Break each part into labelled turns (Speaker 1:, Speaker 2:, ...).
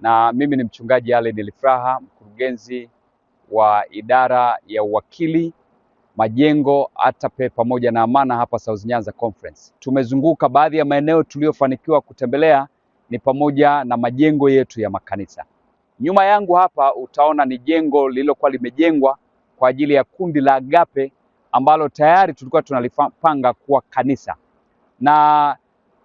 Speaker 1: na mimi ni mchungaji Allen Lifraha, mkurugenzi wa idara ya uwakili majengo ATAPE pamoja na Amana hapa South Nyanza Conference. Tumezunguka baadhi ya maeneo tuliyofanikiwa kutembelea ni pamoja na majengo yetu ya makanisa. Nyuma yangu hapa utaona ni jengo lililokuwa limejengwa kwa ajili ya kundi la Agape ambalo tayari tulikuwa tunalipanga kuwa kanisa na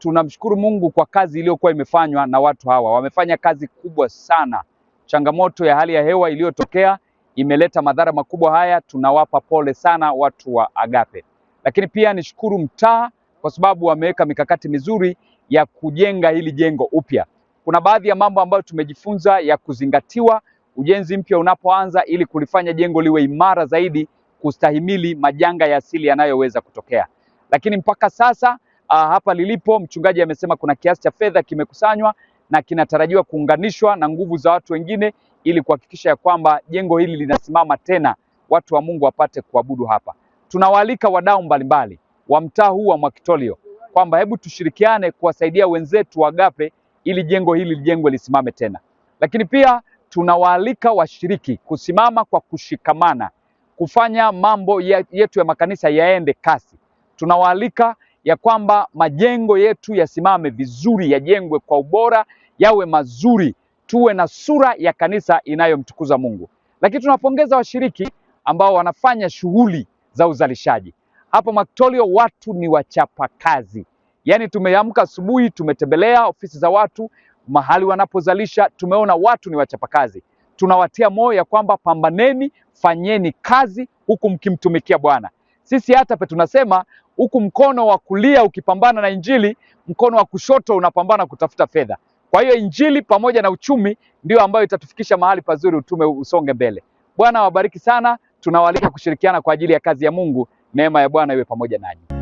Speaker 1: tunamshukuru Mungu kwa kazi iliyokuwa imefanywa na watu hawa. Wamefanya kazi kubwa sana. Changamoto ya hali ya hewa iliyotokea imeleta madhara makubwa haya, tunawapa pole sana watu wa Agape. Lakini pia nishukuru mtaa kwa sababu wameweka mikakati mizuri ya kujenga hili jengo upya. Kuna baadhi ya mambo ambayo tumejifunza ya kuzingatiwa ujenzi mpya unapoanza, ili kulifanya jengo liwe imara zaidi kustahimili majanga ya asili yanayoweza kutokea. Lakini mpaka sasa Ah, hapa lilipo, mchungaji amesema kuna kiasi cha fedha kimekusanywa na kinatarajiwa kuunganishwa na nguvu za watu wengine ili kuhakikisha ya kwamba jengo hili linasimama tena, watu wa Mungu wapate kuabudu hapa. Tunawaalika wadau mbalimbali wa mtaa huu wa Mwakitolio kwamba hebu tushirikiane kuwasaidia wenzetu wa Agape ili jengo hili lijengwe lisimame tena, lakini pia tunawaalika washiriki kusimama kwa kushikamana kufanya mambo yetu ya makanisa yaende kasi. Tunawaalika ya kwamba majengo yetu yasimame vizuri, yajengwe kwa ubora, yawe mazuri, tuwe na sura ya kanisa inayomtukuza Mungu. Lakini tunapongeza washiriki ambao wanafanya shughuli za uzalishaji hapa Maktolio. Watu ni wachapakazi, yaani tumeamka asubuhi, tumetembelea ofisi za watu mahali wanapozalisha, tumeona watu ni wachapakazi. Tunawatia moyo ya kwamba pambaneni, fanyeni kazi huku mkimtumikia Bwana. Sisi hata tunasema huku mkono wa kulia ukipambana na Injili, mkono wa kushoto unapambana kutafuta fedha. Kwa hiyo Injili pamoja na uchumi ndio ambayo itatufikisha mahali pazuri, utume usonge mbele. Bwana awabariki sana, tunawaalika kushirikiana kwa ajili ya kazi ya Mungu. Neema ya Bwana iwe pamoja nanyi.